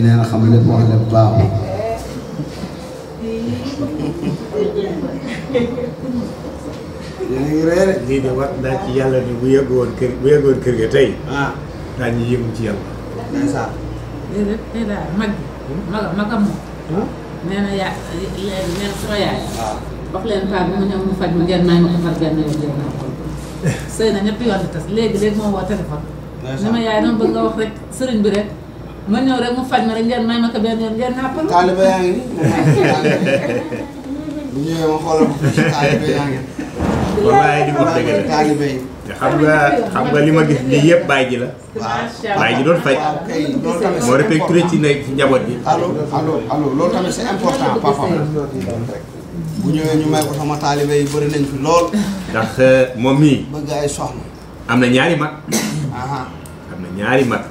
bi nee na xam nga lépp wax a ngi lii de war naa ci yàlla ni bu yeggoon kër bu tey ah daañu yëngu ci yàlla ndeysaan léegi tey daal mag hmm? ah. bi maga maga yaay na ma bëgg nga wax rek sëriñ bi rek ma ñëw rek mu faj ma rek may ma ko benn taaliba yaa ngi nii ñu ma xoolal ko ci taaliba taaliba yi. xam nga xam nga li ma gis nii yëpp baay ji la. baay ji doon faj. moo répercuté ci nekk ci njaboot bi. allo allo allo bu ñëwee ñu may ko sama taaliba yi bëri nañ fi lool. ndax euh, moom mii. bëgg am na ñaari mag. am na ñaari mag.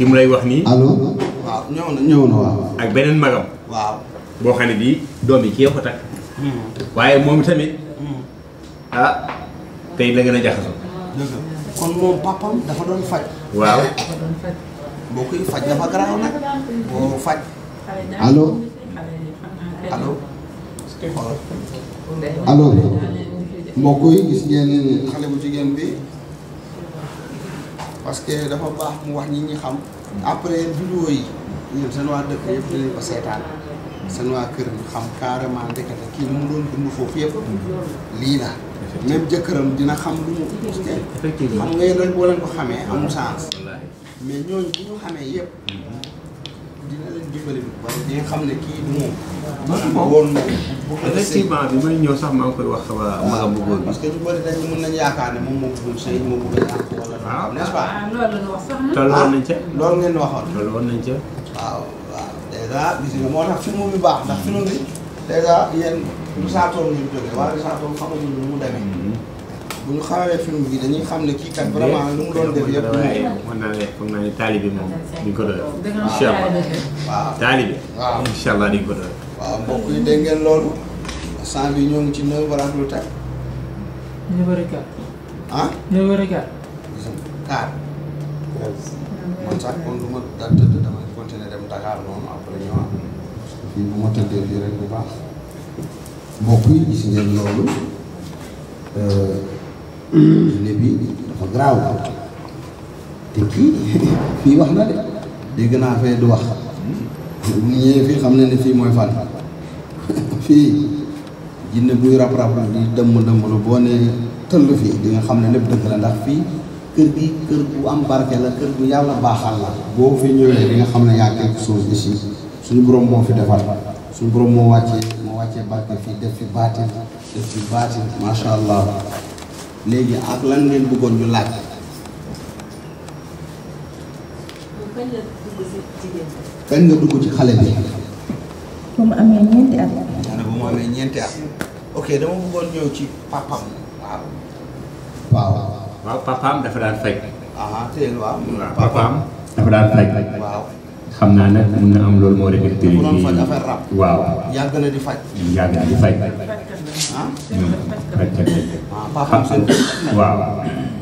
ki mu lay wax nii. allo. waaw ñëw na ñëw na waaw. ak beneen magam. waaw boo xam ne bii doom yi kii ko takk. Hmm. waaye moom tamit. Hmm. ah tey la gën a jaxasoo. dëgg kon moom papam dafa doon faj. waaw. boo koy faj dafa garaaw nag boo faj. allo. allo. allo. mbokk gis ngeen xale bu jigéen bi. parce que dafa baax mu wax ñi ñi xam après vidéo yi ñun seen waa dëkk yëpp dinañ ko seetaan seen waa kër ñu xam carrément ndekete kii mu doon dund foofu yëpp lii la même jëkkëram dina xam lu mu pousse xam nga yéen rek boo ko xamee amul sens mais ñooñu bu ñu xamee yëpp mm-hmm. dina leen dimbali bu bari di nga xam ne kii moom. moom effectivement bi may ñëw sax maa koy wax sama ah, magam mu góor bi. parce que ñu bëri dañu mën nañu yaakaar ne moom moo bëgg sëy moo bëgg a yàq waaw ah. nest ah, sax na. toll woon loolu ngeen waxoon. woon nañ ca. waaw waaw dèjà gis moo tax baax ndax film bi dèjà yéen lu saa tool ñu jógee lu saa tool xamuñu lu mu demee. Mm-hmm. bu ñu xawee film bi dañuy xam ne kii kat vraiment lu mu doon def yëpp. mën naa ne foog naa ne taalibi moom di ko doyoo. incha allah waaw taalibi. waaw incha allah ko doyoo. waaw mbokk yi dégg ngeen loolu. sang bi ñoo ci neuf heures ak lu teg. ah. neuf sax kon du ma daan tëdd damay continuer dem Dakar noonu après ñëwaat. parce que fii bu ma tëddee fii rek bu baax. mbokk yi gis ngeen loolu. Euh, diine bi dafa garaaw te kii fii wax na de a naa fee du wax bu ñëwee fii xam ne ni fii mooy fan fii jinne buy rab rab la di dëmm dëmm lu boo ne tëll fii di nga xam ne lépp dëgg la ndax fii kër gi kër bu am barke la kër bu yàlla baaxal la boo fi ñëwee di nga xam ne yaa quelque chose ici suñu borom moo fi defar suñu borom moo wàccee moo wàccee barke fii def fi baatin def fi baatin macha allah léegi ak lan ngeen bëggoon ñu laaj. kañ nga dugg ci xale bi. ba mu amee ñeenti at. maanaam ba mu amee ñeenti at. ok dama bëggoon ñëw ci papam waaw. waaw waaw. waaw papaam dafa daan fekk. ah teel waaw. waaw papaam dafa daan fekk. waaw. xam naa nag mun na am loolu moo def tëri bi waaw ah?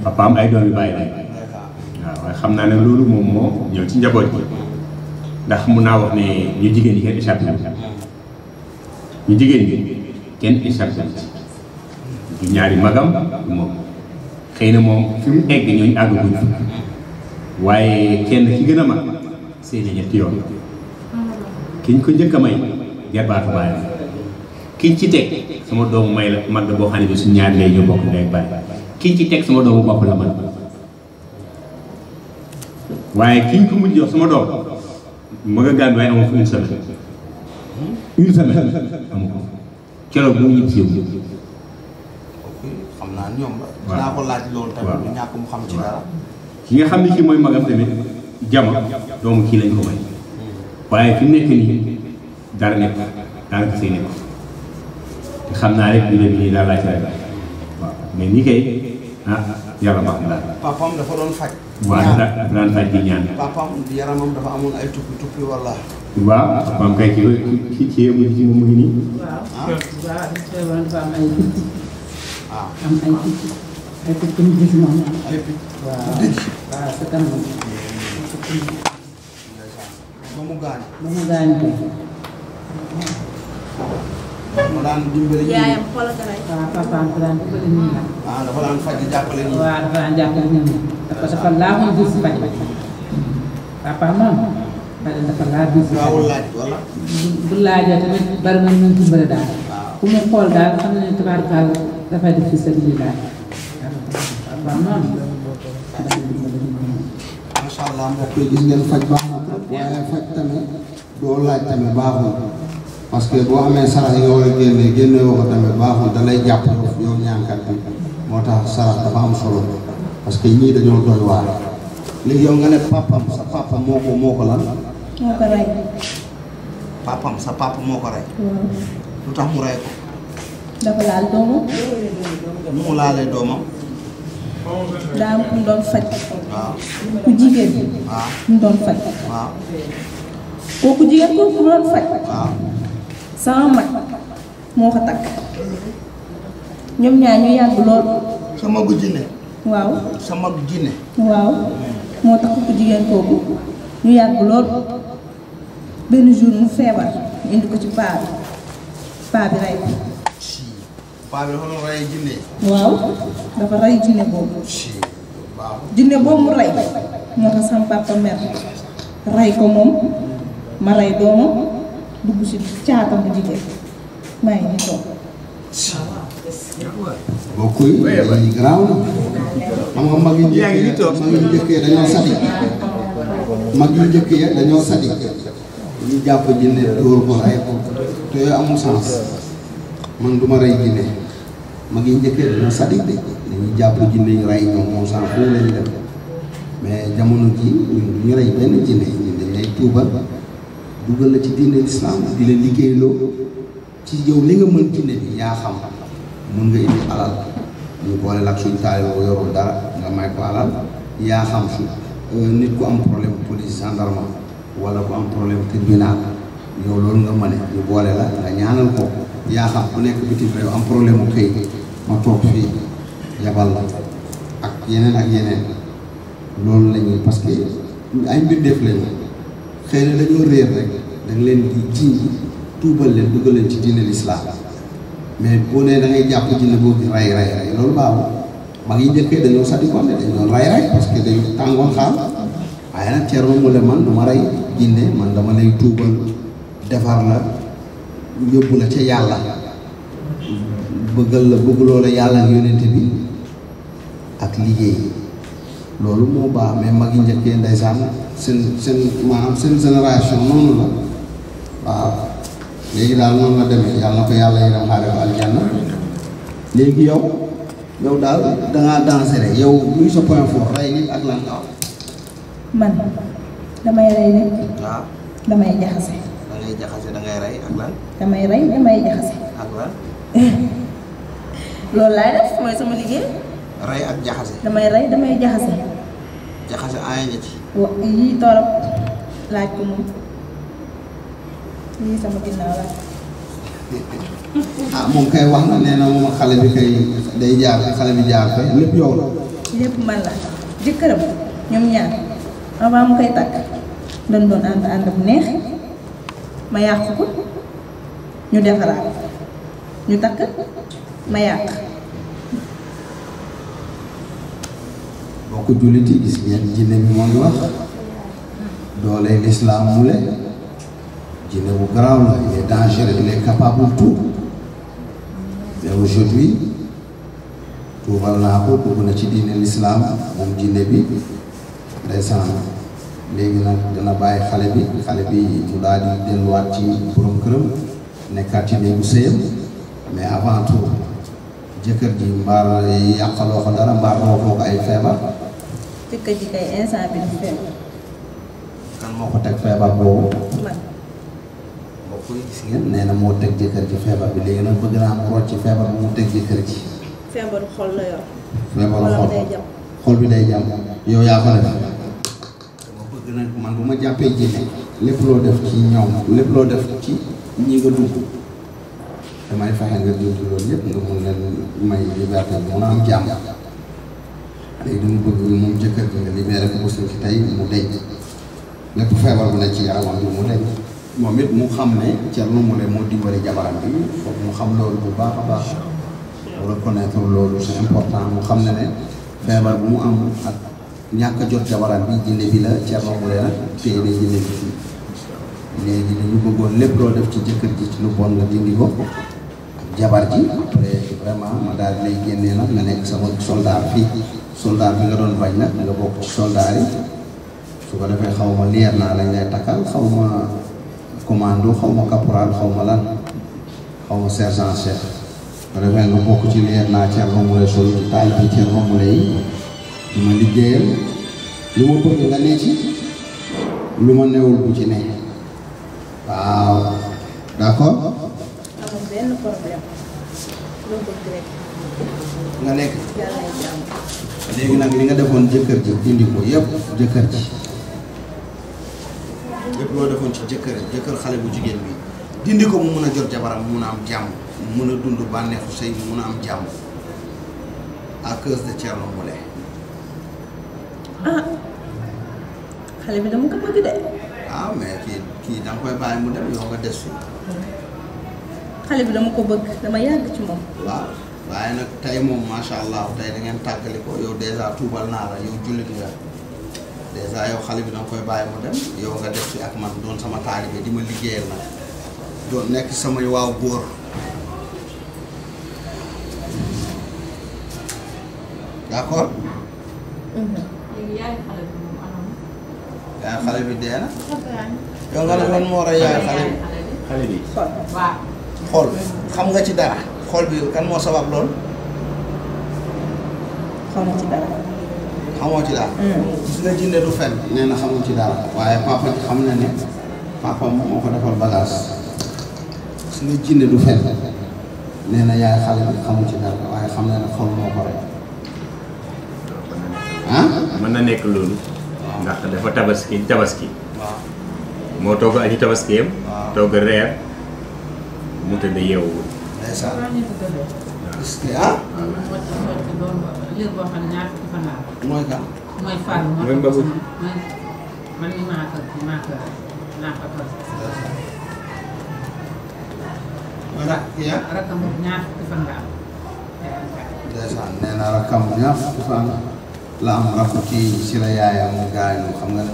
hmm. ah, ay doom yu bàyyi lañ xam naa ne loolu moom moo ñëw ci njaboot bi ndax mun naa wax ne ñu jigéen ñi kenn échappé ñu jigéen ñi kenn échappé du ñaari magam moom xëy na moom fi mu egg ñooñu àgg guñ waaye kenn ci gën a mag seeni ñetti yoon ko njëkk a may jarbaatu baay kiñ ci teg sama doomu may la mag boo xam ne bi suñ ñaar lay ñu bokk ndey baay kiñ ci teg sama doomu bopp la man waaye ko mujj jox sama doom ma nga gànd waaye amoo fu une semaine une semaine mu ñib xam naa ñoom la dinaa ko laaj loolu tamit ñàkk mu xam ci dara ki nga xam ne kii mooy magam tamit jama doomu kii lañ ko may waaye fi nekk nii dara nekk daanaka say nekk te xam naa rek dina bi daal laaj laaj mais ni kay ah yàlla baax na daal. papaam dafa doon faj. waaw dafa kay ci ci ci yëngu ci ngi nii. ba mu a ba mu gaañ ko. mu daan dimbali. yaayam xoolal ka rey. nii la. dafa daan faj jàppale nii. waaw dafa daan jàppale nii la. dafa dafa gis faj. papa moom. faj laaj wala. bu laajee bari na ñu dimbali daal. waaw ah. ku mu xool daal xam ne tubaarkaal dafay def sa biir daal. waaw waaw macha allah mbokk yi ngeen faj baax na trop waaye faj tamit doo laaj tamit baaxul parce que boo amee sarax yi nga war génne génne ko tamit baaxul da lay jàpp yow ñaankat bi moo tax sarax dafa am solo parce que ñii dañoo doy waar léegi yow nga ne sa papa moo ko moo lu tax mu rey ko. dafa laal doomam. mu laalee doomam. daa am ku mu doon faj. ku jigéen. ku mu doon faj. kooku jigéen ko doon faj. sama mag moo ko takk. ñoom ñaar ñu yàgg lool. sama gu jinne. waaw sama gu jinne. waaw moo tax ku jigéen kooku ñu yàgg lool benn jour mu feebar ñu indi ko ci paa bi paa bi rey ko paa waaw dafa rey jinne boobu. jinne boobu mu rey moo tax sama papa rey ko moom ma rey doomam dugg si caatam bu jigéen maa ngi toog. mbokk yi dañuy garaaw na xam nga mag yu njëkkee mag yu njëkkee dañoo sati mag yu njëkkee dañoo sati ñu jàpp jinne dóor ko rey ko te amul sens man du rey jinne ma ngi njëkkee dina sadik dañuy jàpp jinne ñu rey ñoom moom sans foofu la ñu def mais jamono ji ñu rey benn jinne ñun dañ lay tuubal dugal la ci diine lislaam di la liggéeyloo ci yow li nga mën jinne bi yaa xam mun nga indi alal ñu boole la ak suñu taaliba bu yorul dara nga may ko alal yaa xam su euh, nit ku am problème police gendarme wala ku am problème tribunal yow loolu nga mën ñu boole la nga ñaanal ko yaa xam ku nekk bitim réew am problème këy ma toog fii yabal la ak yeneen ak yeneen loolu la ñuy parce que ay mbindeef xëy na dañoo réer rek leen di jiñ tuubal leen dugal leen ci diine lislaam mais boo nee da ngay jàpp jinne boobu di ray ray ray loolu baaxul mag yi njëkkee dañoo sadikoon de dañ doon ray ray parce que dañu tàngoon xaal waaye nag Thierno Moule man du ma rey jinne man dama lay tuubal defar la yóbbu la ca yàlla bëggal la bëggloo la yàlla ak yonent bi ak liggéey loolu moo baax mais mag yi njëkkee ndeysaan seen seen maanaam seen génération noonu la waaw léegi daal noonu la demee yàlla na ko yàlla yéram xaare ko daal dangaa danser rek yow ak man damay rey nit damay jaxase damay rey damay jaxase loolu laay def mooy sama liggéey. rey ak jaxase. damay rey damay jaxase. jaxase aaya nga ci. wa yii torop laaj ko moom lii sama ginnaaw la. ah moom kay wax na nee na moom xale bi kay day jaar xale bi jaar kay lépp yow la. lépp man la jëkkëram ñoom ñaar avant koy takk dañ doon ànd ànd bu neex ma yàq ko ñu defaraat ñu takk. ma yàq boo ko julliti gis ngeen jinne bi moo ngi wax doole lislaam mu le jinne bu garaaw la il est dangereux il capable tout mais aujourd'hui tuubal naa ko dugg na ci diine lislaam moom jinne bi ndeysaan léegi nag dana bàyyi xale bi xale bi mu daal di delluwaat ci borom këram nekkaat ci néegu sëyam mais avant tout jëkkër ji mbaar yàqaloo ko dara mbaar moo foog ay feebar. jëkkër ji kay instant bi du feebar. kan moo ko teg feebar boobu. man. koy gis ngeen nee na moo teg jëkkër ji feebar bi léegi nag bëgg naa mu rocc feebar bi mu teg jëkkër ji. feebaru xol la yor. feebaru xol xol bi day jàmm yow yaa ko def. man bu ma jàppee jinne lépp loo def ci ñoom lépp loo def ci ñi nga dugg. damay fexe nga jiw loolu nga mun leen may liberté bi mun am jàmm léegi dama bëgg moom jëkkër nga ko ci tey mu denc lépp feebar bu ne ci yaramam bi mu denc moom it mu xam ne Thierno Moule moo dimbali jabaram bi foog mu xam loolu bu baax a baax reconnaître loolu c'est important mu xam ne ne feebar bu mu am ak ñàkk jot jabaram bi jinne bi la Thierno Moule nag téye na jinne bi fii léegi li ñu bëggoon lépp loo ci jëkkër ci lu bon dindi ko jabar ji vraiment ma daal di lay génnee nag nga nekk sama soldat fii soldat bi nga doon bañ nag nga bokk ci soldat yi su ko defee xaw ma lier naa lañ lay takkal xaw ma commando xaw ma lan xaw ma sergent chef su ko ci lier naa Thierno Moule Sow ci yi ma liggéeyal lu ma bëgg nga ne ci lu ma newul ci ne waaw d'accord nga nekk. léegi nag li nga defoon jëkkër ji indi ko yëpp jëkkër ji yëpp loo defoon ci jëkkër jëkkër xale bu jigéen bi dindi ko mu mun a jot jabaram mu mun a am jàmm mu mun a dund bànneexu sëy mu mun a am jàmm à cause de Thierno Moule. ah xale bi dama ko bëgg de. ah mais kii kii da koy bàyyi mu dem yow nga des fii. xale bi dama ko bëgg dama yàgg ci moom. waaw waaye nag tey moom macha allah tey da tàggali ko yow dèjà tuubal naa la yow jullit nga dèjà yow xale bi danga koy bàyyi mu dem yow nga def ci ak man doon sama taalibe di ma liggéeyal nag doon nekk samay waaw góor. d'accord. yaay xale bi dee na. yow nga lan moo war yaay xale bi. xool bi xam nga ci dara xool bi kan moo sabab lool. xamoo ci dara. xamoo ci dara. Mm. gis nga jinne du fen nee na xamoo ci dara waaye papa xam na ne papa moo ko defal bagage gis nga jinne du fen nee yaay xale bi xamu ci dara waaye xam na ne xol moo ko rek ah. mën na nekk loolu. ndax dafa tabaski tabaski. moo togg aji tabaskiyam. togg reer. mu tëdd yeewul. ndeysaan. est-ce que ah. liir boo xam ne ñaar fukki fan la. mooy kan. mooy Fall mooy Mbabu mooy man mii maa ko maa ko maa ko toog. wala yaa. rakkam ci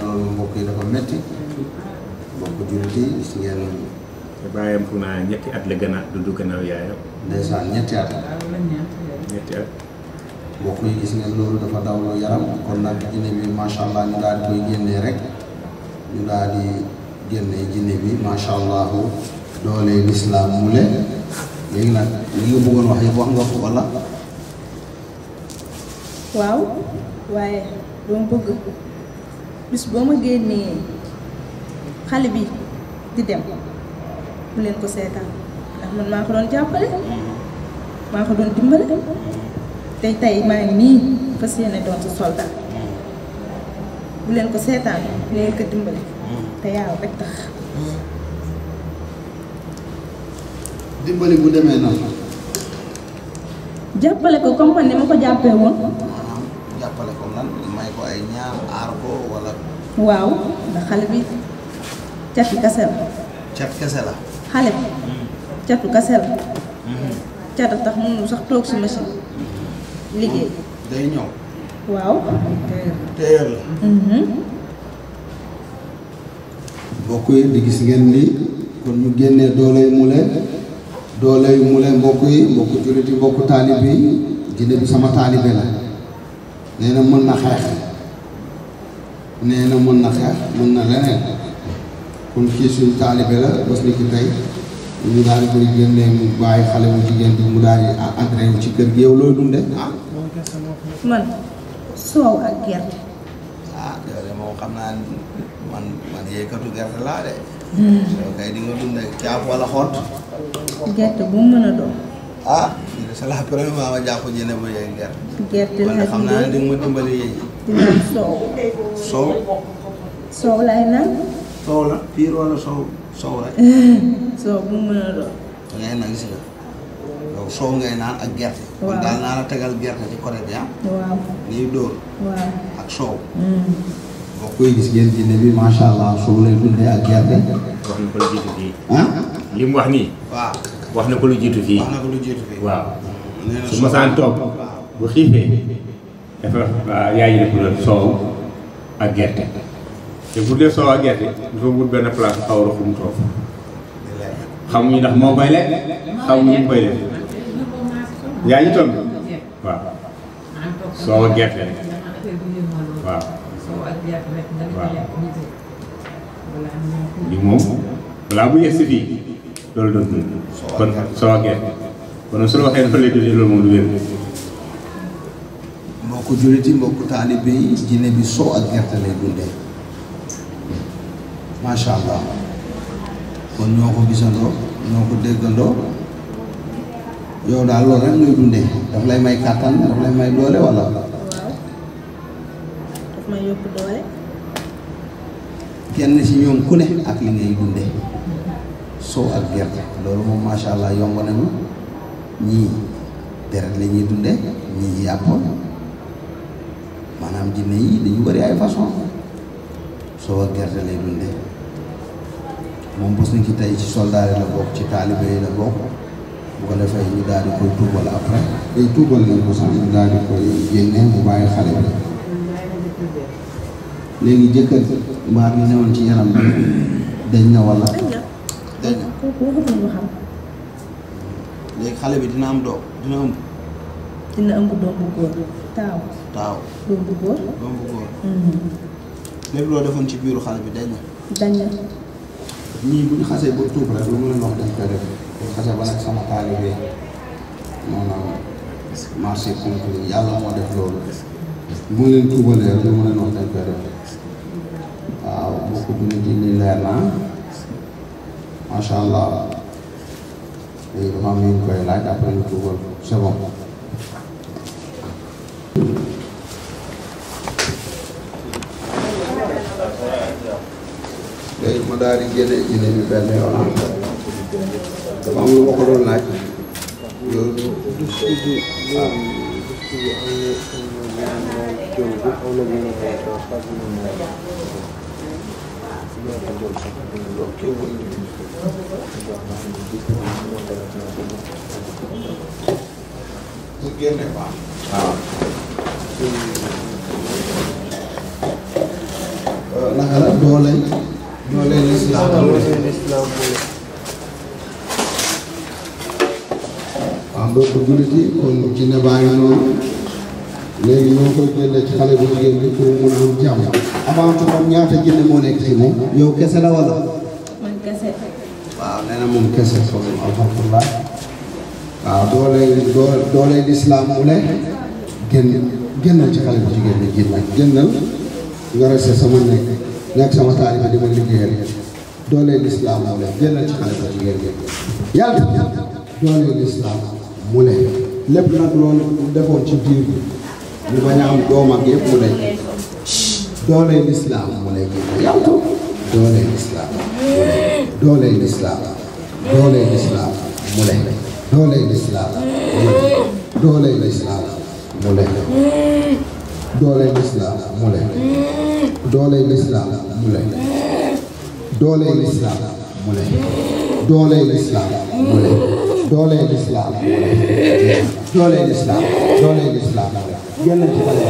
loolu mbokk yi dafa métti. mbokk jullit yi gis ngeen. te bàyyam fu naa ñetti at la gën a dudd gannaaw yaayam. ndeysaan ñetti ñetti at. mbokk yi gis ngeen loolu dafa dawloo yaram kon nag jinne bi macha allah ñu daal koy génnee rek ñu daal di génnee jinne bi macha allah doole lislaam mu le léegi nag li nga bëggoon wax yëpp wax nga ko wala. waaw waaye dama bëgg bis boo ma génnee xale bi di dem. bu leen ko seetaan ndax man maa ko doon jàppale maa ko doon dimbale tey maa ngi nii fas yéene doon sa soldat bu leen ko seetaan bu leen ko dimbali bu demee nan jàppale ko comme man ni ma ko jàppee woon jàppale ko lan may ko ay ñaar aar ko waaw ndax xale bi cat kese la cat kese la xale bi catu kase la catu tax mënu sax toog si machine liggéey day ñëw waaw mhm. mbokk yi di gis ngeen lii kon ñu génnee doolay mule doolay mule mbokk yi mbokk jullit yi mbokk taalib yi jinne bi sama taalibe la nee na mën na xeex nee na mën na xeex mën na leneen kon kii suñu taalibe la bés ni ki tey ñu daal koy génnee mu bàyyi xale bu jigéen bi mu daal di entraîné ci kër gi yow looy dunde ah. man soow ak gerte. ah moom xam naa man man gerte laa de. soo hmm. kay di nga dundee caaf wala xont. gerte bu mu mën a doon. ah c'est la première ma jàpp jëne bu yeeg gerte. gerte xam naa di nga ma dimbali yéen. dina soow. soow. soow laay naan. soow la piir wala soow soow rek. soow bu mu mën a doon. da ngay gis nga yow soow ngay naan ak gerte. kon daal naa la tegal gerte ci côté bi ah. nii dóor. ak soow. boo koy gis ngeen jinne bi macha allah soow ak gerte. wax na mu wax nii. waaw wax na ko lu jiitu fii. wax na ko lu jiitu fii. su ma saan toog bu xiifee dafa yaay yi def soow ak gerte. te bu dee soow ak gerte dafa wut benn place xaw a fu mu toog ndax moo koy lekk xamuñu mu koy lekk yaa ngi toll waaw soow ak gerte waaw waaw li moom balaa mu yegg si fii loolu lay dundee loolu moom du wér mbokku jullit yi mbokku taalibe yi jinne bi soow ak gerte lay dundee macha allah kon ñoo ko gisandoo ñoo ko déggandoo yow daal loolu rek ngay dundee daf lay may kàttan daf lay may doole wala. waaw daf may yokk doole. kenn ci ñoom ku ne ak li ngay dundee soo ak gerte loolu moom macha allah yomb nañu ñii deret la ñuy dundee ñii yàpp maanaam jinne yi dañu bëri ay façon soo ak gerte lay dunde moom bés ni ki tey ci soldaar yi la bokk ci taalibe yi la bokk bu ko defee ñu daal di koy tuubal après day tuubal lañ ko sax ñu daal di koy génne mu bàyyi xale bi ci yaram na wala xale bi dina am doom dina ëmb doom bu góor taaw taaw doom bu góor doom mhm. loo defoon ci biiru xale bi dañ na dañ na ñii bu ñu xasee ba tuub lu mu leen wax dañ koy def bu ñu xasee ba nekk sama taalibe maanaam marché conclu yàlla moo def loolu mu leen tuubalee rek lu mu leen wax dañ koy def waaw bokk bu nit yi nii leer naa macha allah léegi dafa am ñu koy laaj après ñu tuubal c'est bon. ma daal di génne jinne bi benn yoon encore dama am lu ma ko doon laaj yow du du du mu génne ba waaw loolu lislaam boole waaw mbokk jullit ci xale bu jigéen bi pour mun ñaata jinne moo nekk ci yow kese la wala man waaw nee moom kese ci xale bu sama nekk nekk sama taaliba di ma liggéeyal dooleel lislaam mu leen génnal ci xale ba jigéen ñi yàlla tam dooleel lislaam mu leen lépp nag loolu defoon ci biir bi ñu bañ a am doom ak yëpp mu leen dooleel lislaam mu leen génn yàlla tam dooleel lislaam dooleel lislaam dooleel lislaam mu leen dooleel lislaam mu leen dooleel lislaam mu leen dooley lislaam mu lay dooley lislaam mu lay dooley lislaam mu lay dooley lislaam mu lay dooley lislaam mu lay dooley lislaam dooley lislaam gën na ci xale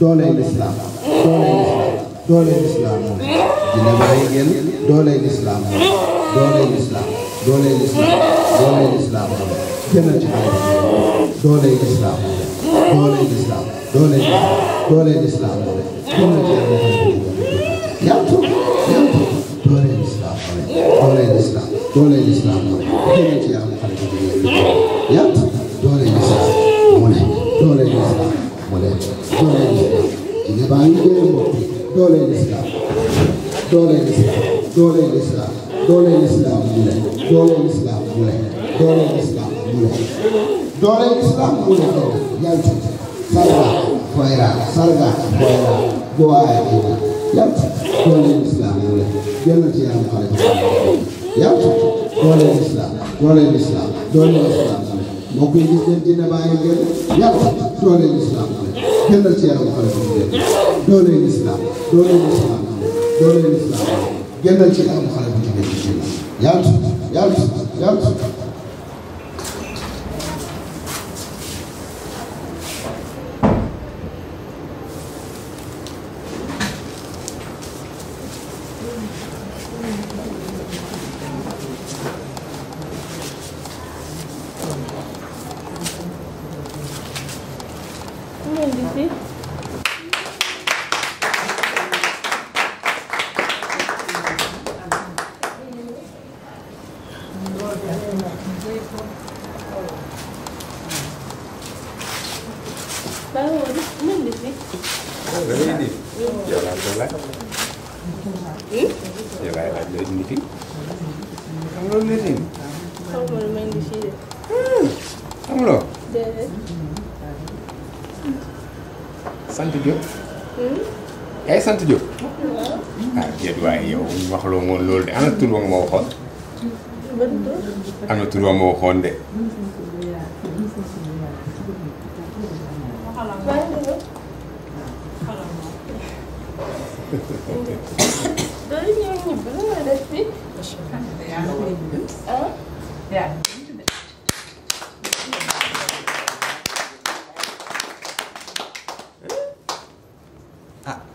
dooley lislaam dooley lislaam dooley lislaam mu lay dina bàyyi génn dooley lislaam mu lay dooley lislaam dooley lislaam dooley lislaam mu lay gën na ci xale dooley lislaam dooleel islam dooleel dooleel islam yàlla dooleel islam dooleel islam dooleel islam dooleel islam islam mu ne dooleel islam mu ne dooleel islam jigéen islam dooleel islam islam dooleel islam islam mu doole islam moo la ko yalti sarga koyra sarga koyra gowaaya kina yalti doole islam moo la jël ci yàlla xale yalti doole islam doole islam doole islam moo koy gis leen dina bàyyi gën yalti doole islam jël ci yàlla xale doole islam doole islam doole islam jël ci yàlla xale yalti yalti yalti sant Diop. yaay sant Diop. ah déet waaye yow waxloo woon loolu de am na tur nga ma waxoon. am na tur nga ma waxoon de.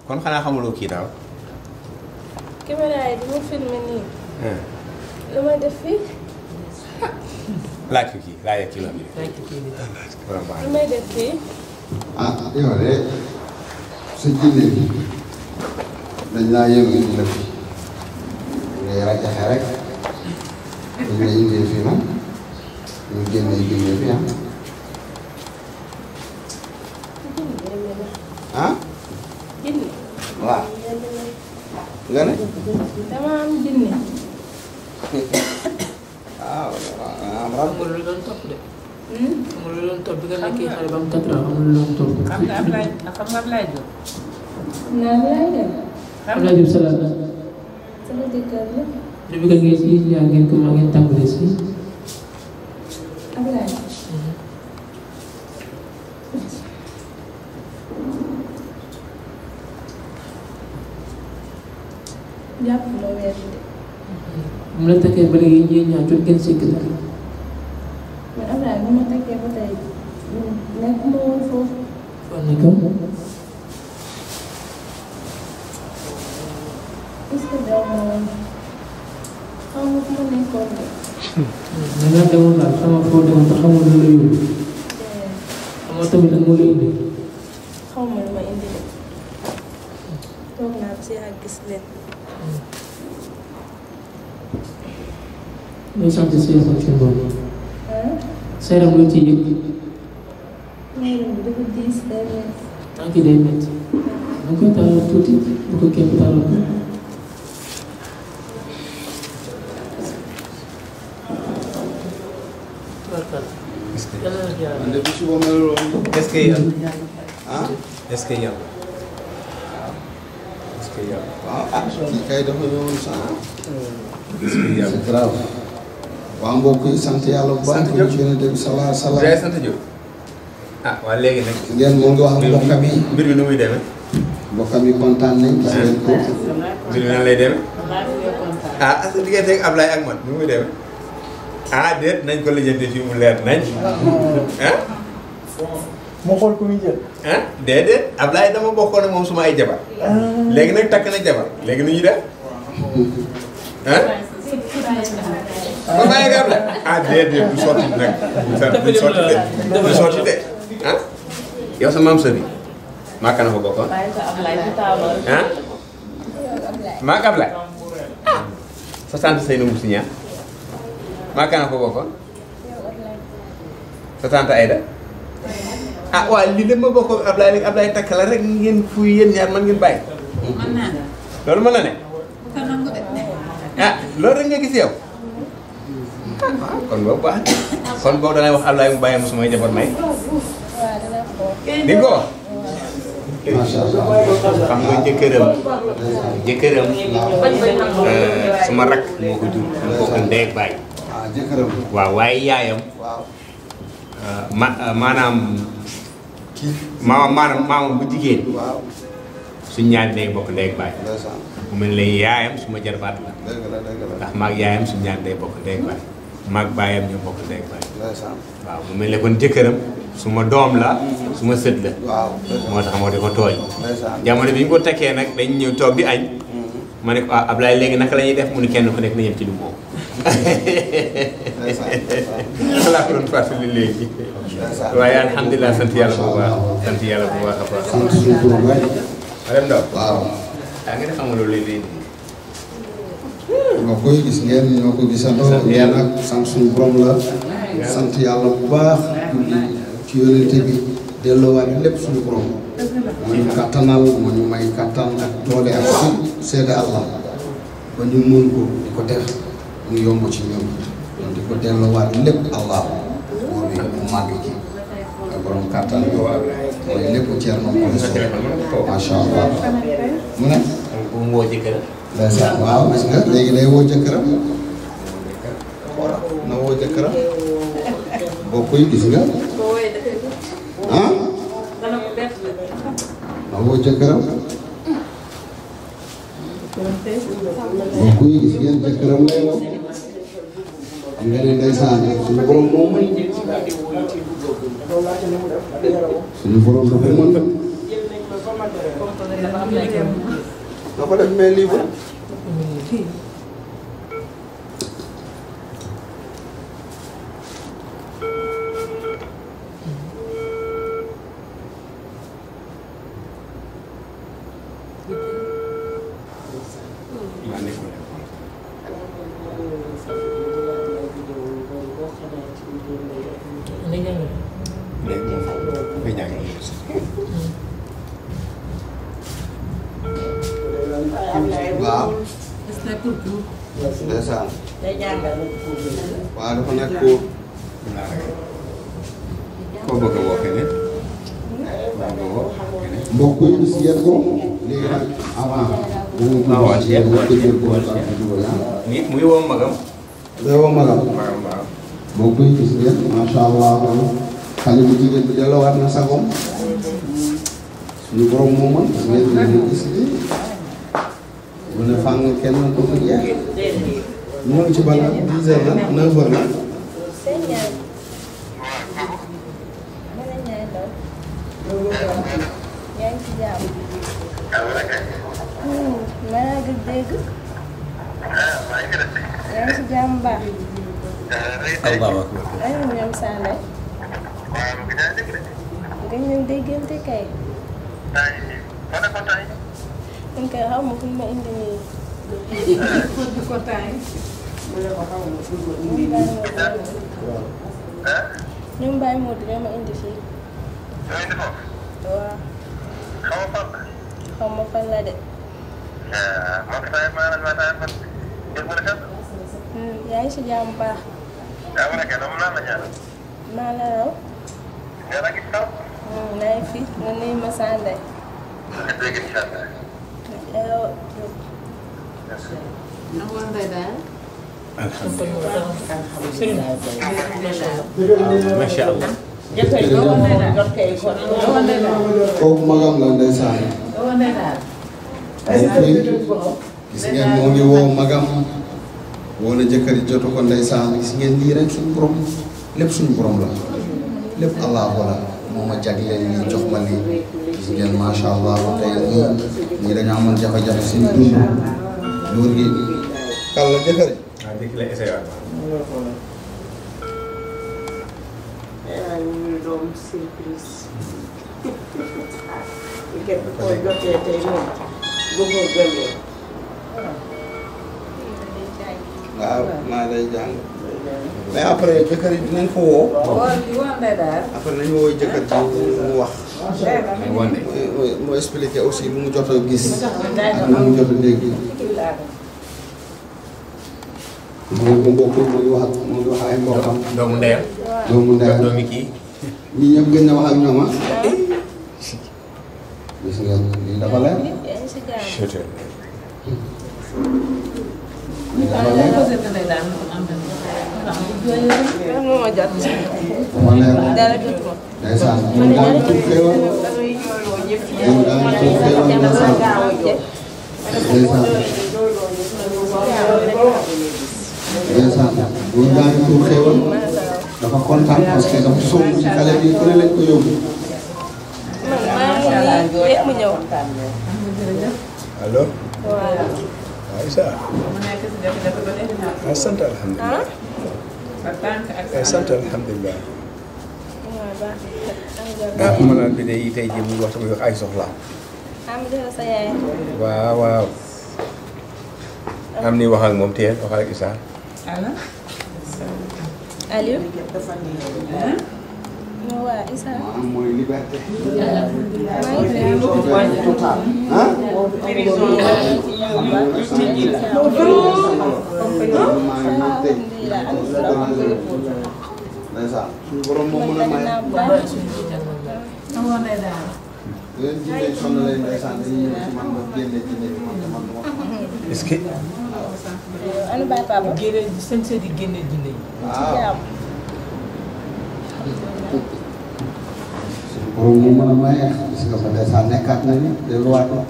kon xanaa xamuloo kii daal. caméra yi di mu filmé nii. Hmm. lu ma def fii. laaj ko kii laaj ak kii la. laaj ko kii bi lu may def fii. Ah, ah yow de sa jinne bi dañ laa yëngu di la fi ngay rajaxe rek dañ la indee fii moom ñu génnee jinne bi ah. waaw am na amul lu doon topp de. amul lu bi nga nekkee ba mu quatre ans amul lu doon topp. xam nga Ablaye xam nga Ablaye Diop. naa Ablaye Diop. Ablaye Diop Salah. sama jëkkër la. depuis mu la takkee ba léegi ñuy ñaan jot ngeen sékk dara. mais Ablaye bu ma takkee ba tey nekkuma woon foofu. fan nekkoon. est-ce que daw ma woon xaw ma fu ma nekkoon de. da ngaa demoon daal xaw ma foo demoon ba xaw ma lu la yóbbu. sentir seen seen boobu. sa yaram lu ci yëg. tànk yi day métti. da nga koy taalal tuuti bu ko képp taalal ko. est-ce que yàlla ah est-ce que yàlla est-ce que yàlla ah, ah kay dafa ñëwoon sax est-ce que yàlla waaw mbokk yi sant yàlla bu baax. sant Diop ci yonent bi salaa salaam. jaay sant Diop. Ah, léegi nag. ngeen moo ngi wax mbokkam yi. mbir mi nu muy demee. mbokkam yi kontaan nañ. gis ngeen ko. mbir mi nan lay demee. ah as ah, na diggante ak Ablaye ak man nu muy demee. ah déet nañ ko lijjanti fii mu leer nañ. Ah? xool ku muy jël. ah déedéet Ablaye dama bokkoon ak moom suma ay jabar. léegi nag takk na jabar léegi nu ñu def. ah. ba bàyyi nga am nag ah déedéet du sotti nag. du sotti de du sotti de ah. yow sa maam sa maa kana fa bokkoon. ah. ah. maa kana ah, fa bokkoon. sa sant Aida. ah waaw lii lépp ma bokkoon Ablaye nag Ablaye takk la rek ngeen fuy yéen ñaar man ngeen bàyyi. mën naa ne. loolu mën na ne. ah loolu rek nga gis yow. kon boobu baax kon boobu danay wax Ablaye mu bàyyi ma su may jabar may. di ko wax. xam nga jëkkëram jëkkëram euh, suma rak moo ko jur mu ko gën dee bàyyi waaw waaye yaayam ma maanaam maama maanaam maama bu jigéen suñ ñaari day bokk ndey ak baay mu mel ne yaayam suma jarbaat la ndax maag yaayam suñ ñaari day bokk ndey ak baay maag baayam ñu bokk ndey baay waaw mu mel ne kon jëkkëram su ma doom la su ma sët la moo tax moo di ko tooñ jamono bi ñu ko takkee nag dañ ñëw toog bi añ mm-hmm. ma ne ko ah Ablaye léegi naka la def mu ne kenn ku nekk na ci lu moom xalaat ko doon fàttali léegi waaye alhamdulilah sant yàlla bu baax sant yàlla bu baax a baax madame ah, nga ne xam nga loolu ñoo koy gis ngeen ñoo ko gisandoo ngeen ak sant suñu borom la sant yàlla bu baax ci yónnente bi delloowaat lépp suñu borom moo ñu kàttanal moo may kàttan ak doole ak si seede àlla ba ñu mën ko di ko def mu yomb ci ñoom di ko delloowaat lépp àlla moo bi mu màgg gi ak borom kàttan bi mooy lépp ceer na ko allah mu ne ndeysaan waaw gis nga léegi day woo jëkkëram na woo jëkkëram bokk yi gis nga ah na woo jëkkëram bokk yi gis ngeen jëkkëram lay woo xam nga ne ndeysaan suñu borom moo mën suñu borom dafa mën na ko def mais lii fii léegi moom mooy ñaari université ndeysaan waaw dafa nekk ku koo bëgg a woo keneen mbokk yi ñu si yéen ko léegi nag avant. waaw waaw si yéen wàllu yéen ko muy muy woo magam. day woo magam. waaw waaw. mbokk yi ñu si yéen macha allah xale bu jigéen bi delloowaat na sagom suñu borom moo mën. gis ngeen gis mu ne fànn kenn ku mu jeex mu ngi ci balaa dix heures la neuf heures la. allahu akbar ay ñoom Saalay nga ñëw déggante kay man xaw ma fu ma indi nii. pour mu ne ko xaw ma indi fii. ñoo xaw ma fan. la de. Eh, man hmm, si jàmm baax. maa la raw. naa hmm, ngi fi nga nuyu ma alhamdulilah. macha allah. kooku magam gis ngeen moo ngi woo magam. woo na jëkkër jotu ko ndeysaan gis ngeen lii rek suñu borom lépp suñu borom la lépp allah wala. moo ma jagleel lii jox ma lii gis ngeen macha allah tey ñii ñii dañoo amoon jafe-jafe suñu gi. kàlla jëkkër. waaw ah, dëgg la essayé maa lay jàng. mais après jëkkër yi dinañ ko woo. après nañu woo jëkkër ji mu wax. Eh, mu expliqué aussi lu mu jot a gis. ak lu mu jot a dégg. mu bokk mu ngi wax ak wax ay mbokkam. doomu ndeyam. doomu ndeyam gën na wax ak ñoom ah. moom la ndeysaan moom daal ku xéewal moom daal ku xéewal ndeysaan ndeysaan ndeysaan moom daal ku xéewal dafa kontaan parce que dafa sóobu ci xale bi ku ne lañ ko yóbbu. allo. waaw. waaw Issa. ah sant alhamdulilah. Ah? Eh, sant alhamdulilah. waaw ah, mu wax tamit wax ay soxlaam. waaw waaw. am ni wax moom teel wax ak Issa. allo. Aliou. waaw isa am mooy liberté. total. ah. suñu borom moo mën a may. yéen jigéen sonn lay ndeysaan dañuy ñëw ci man ba génne jigéen bi man dama ko wax. est-ce que. waaw. anu bàyyi papa. génne seen seeti génne jigéen yi. waaw. pour mu mën a maye parce que ba des à nekkaat nañu delluwaat na.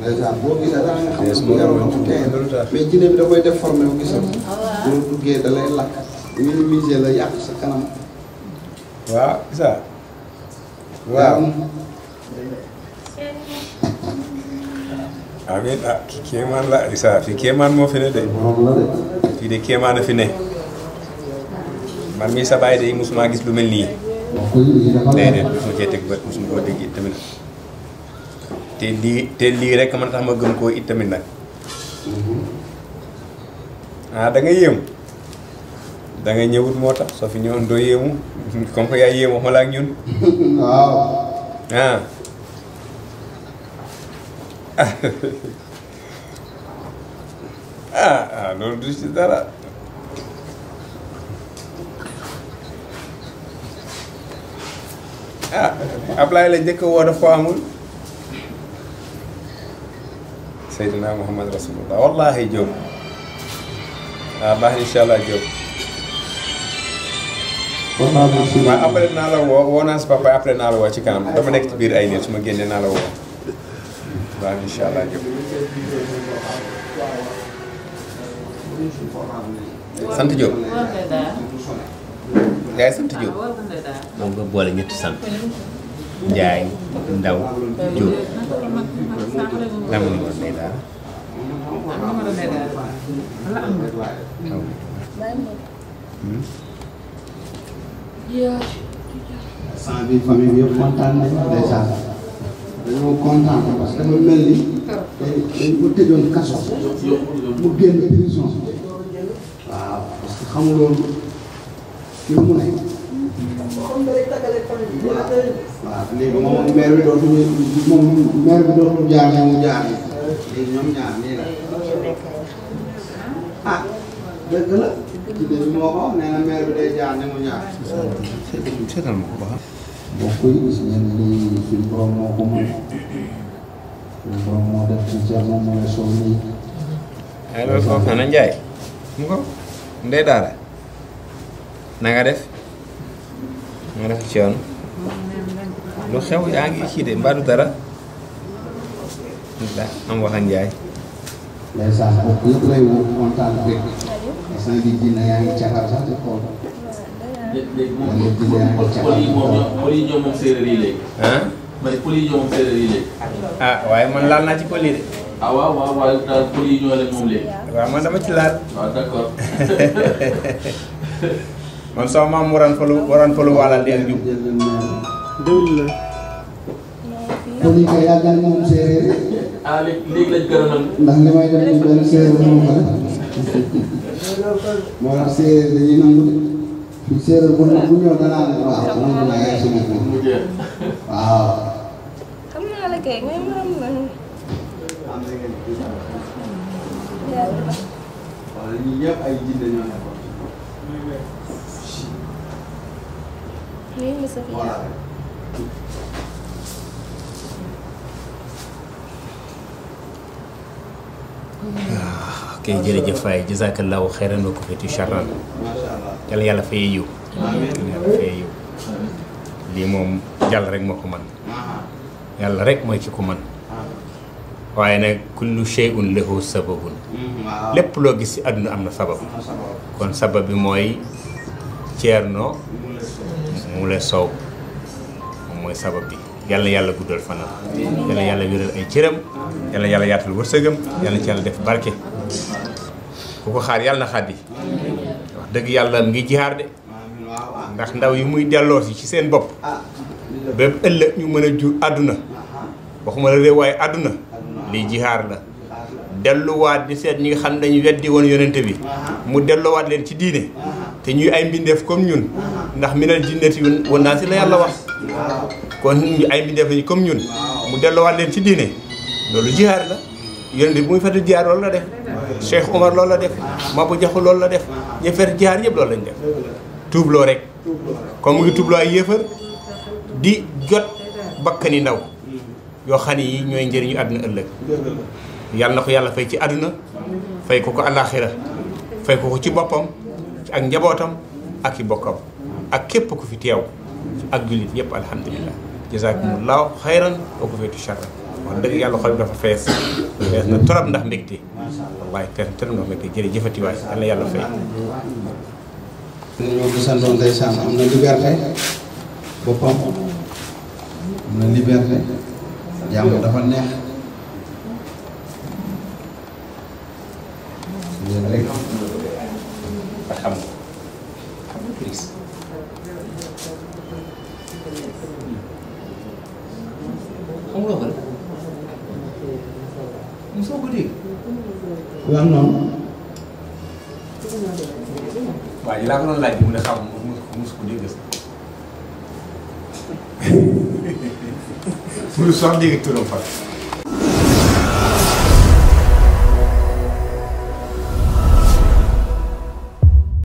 dèjà boo gisee dara nga xam ne jinne bi da koy déformé wu gisal. boo duggee da lay lakk minimiser la yàq sa kanam. waaw a waaw. amiin ah ki kéemaan la Issa fi kéemaan moo fi ne de fii de kéemaan a fi ne man mii sa baay de mosuma gis lu mel nii déedéet mosuma cee teg bët mosuma koo dégg it tamit nag te lii te lii rek man tax ma gëm koo it tamit nag ah da nga yéemu ñëwut moo tax soo fi ñëwoon doo yéemu comme que yaay yéemu waxuma la ak ñun waaw ah. ah ah loolu du ci dara ah Ablaye la njëkk woo daf amul Seydina Muhammad rasulullah wallahi Diop wallahi incha allah Diop. waaw après naa la woo woo naa si papa après naa la woo ci kanam dama nekk ci biir ay nit su ma génnee naa la woo. waaw incha allah ñëpp. sant Diop. yaay sant Diop. nga boole ñetti sant. Njaay Ndaw Diop. lan nga numéro Ndeye Dara. dañoo kontaan parce que dama mel ni dañ ko tëjoon kaso mu génn prison waaw parce que xamuloon fi mu ne waaw léegi moom maire bi dootu moom bi dootu mu jaar léegi ñoom ñaar nii la ah dëgg la moo nee na maire bi day jaar ne mu jaar seetal ma ko ba bokk yi gis ngeen lii suñu borom moo ko mën suñu borom moo def ci jar moom mooy soo nii. allo kooku ana Njaay mu ko ndey daara na def nga def ci yoon lu xew yaa ngi kii de mbaa du dara am wax ak Njaay. ndeysaan léegi moom pël yi moom pël yi ñoom moom séeréer yi léegi. ma ne pël yi ñoom moom séeréer yi léegi. ah waaye man laal naa ci pël yi de. ah waaw waaw waaye daal pël yi ñoo leen moom léegi. waaw man dama ci laal. waaw d'accord. man sama maam waroon pëlu waroon pëlu waalal di ak jub. déglu la. pël yi kay yàgg na moom séeréer. ah léegi lañ gën a mën. ndax li may def benn séeréer la moom la. moo tax séeréer dañuy nangu. fii bu bu ñëw danaa ne waaw moom la yaay suñu waaw. xam naa la kay na. waaw ñun ñëpp ay jinne ñoo nekkoon. muy ok jërëjëf Faye jazakallahu xayran wa kuffitu sharran yàlla yàlla fay yiw yàlla fay yiw lii moom yàlla rek moo ko mën yàlla rek mooy ci ko mën waaye nag kullu shay'un lahu sababun lépp loo gis ci àdduna am na sabab kon sabab bi mooy Ceerno mu la sow moom mooy sabab bi yàlla yàlla guddal fanam yal yàlla wéral ay cëram yal yàlla yaatal wërsëgam yal na ci yàlla def barke ku ko xaar yàlla na xaddi wax dëgg yàlla mu ngi jihaar de ndax ndaw yi muy delloosi ci seen bopp ba ëllëg ñu mën a jur àdduna waxuma la réew waaye àdduna lii jihaar la delluwaat di seet ñi nga xam ne dañu weddi woon yonente bi mu delluwaat leen ci diine te ñuy ay mbindeef comme ñun ndax minal jinnati wan naa si la yàlla wax kon ay mbindeef yi comme ñun mu delloowaat leen ci diine loolu jihaar la yéen bi bu muy fete jihaar loolu la def Cheikh Omar loolu la def Mabou Diakhou loolu la def ñi fet jihaar yëpp loolu lañ def tuubloo rek comme mu ngi tuubloo di jot bakkani ndaw yoo xam ñooy njëriñu àdduna ëllëg na ko yàlla fay ci àdduna fay ko ko àllaaxira fay ko ko ci ak njabootam ak i bokkam ak képp ku fi teew ak jullit yëpp alhamdulilah jazaakumullaahu xayran wa kafaytu sharran wax dëgg yàlla xol dafa fees fees na torop ndax mbégte wallaay fees na torop ndax mbégte jërëjëfati waay yal na yàlla fay boppam am na liberté jàmm dafa neex sax dégg turam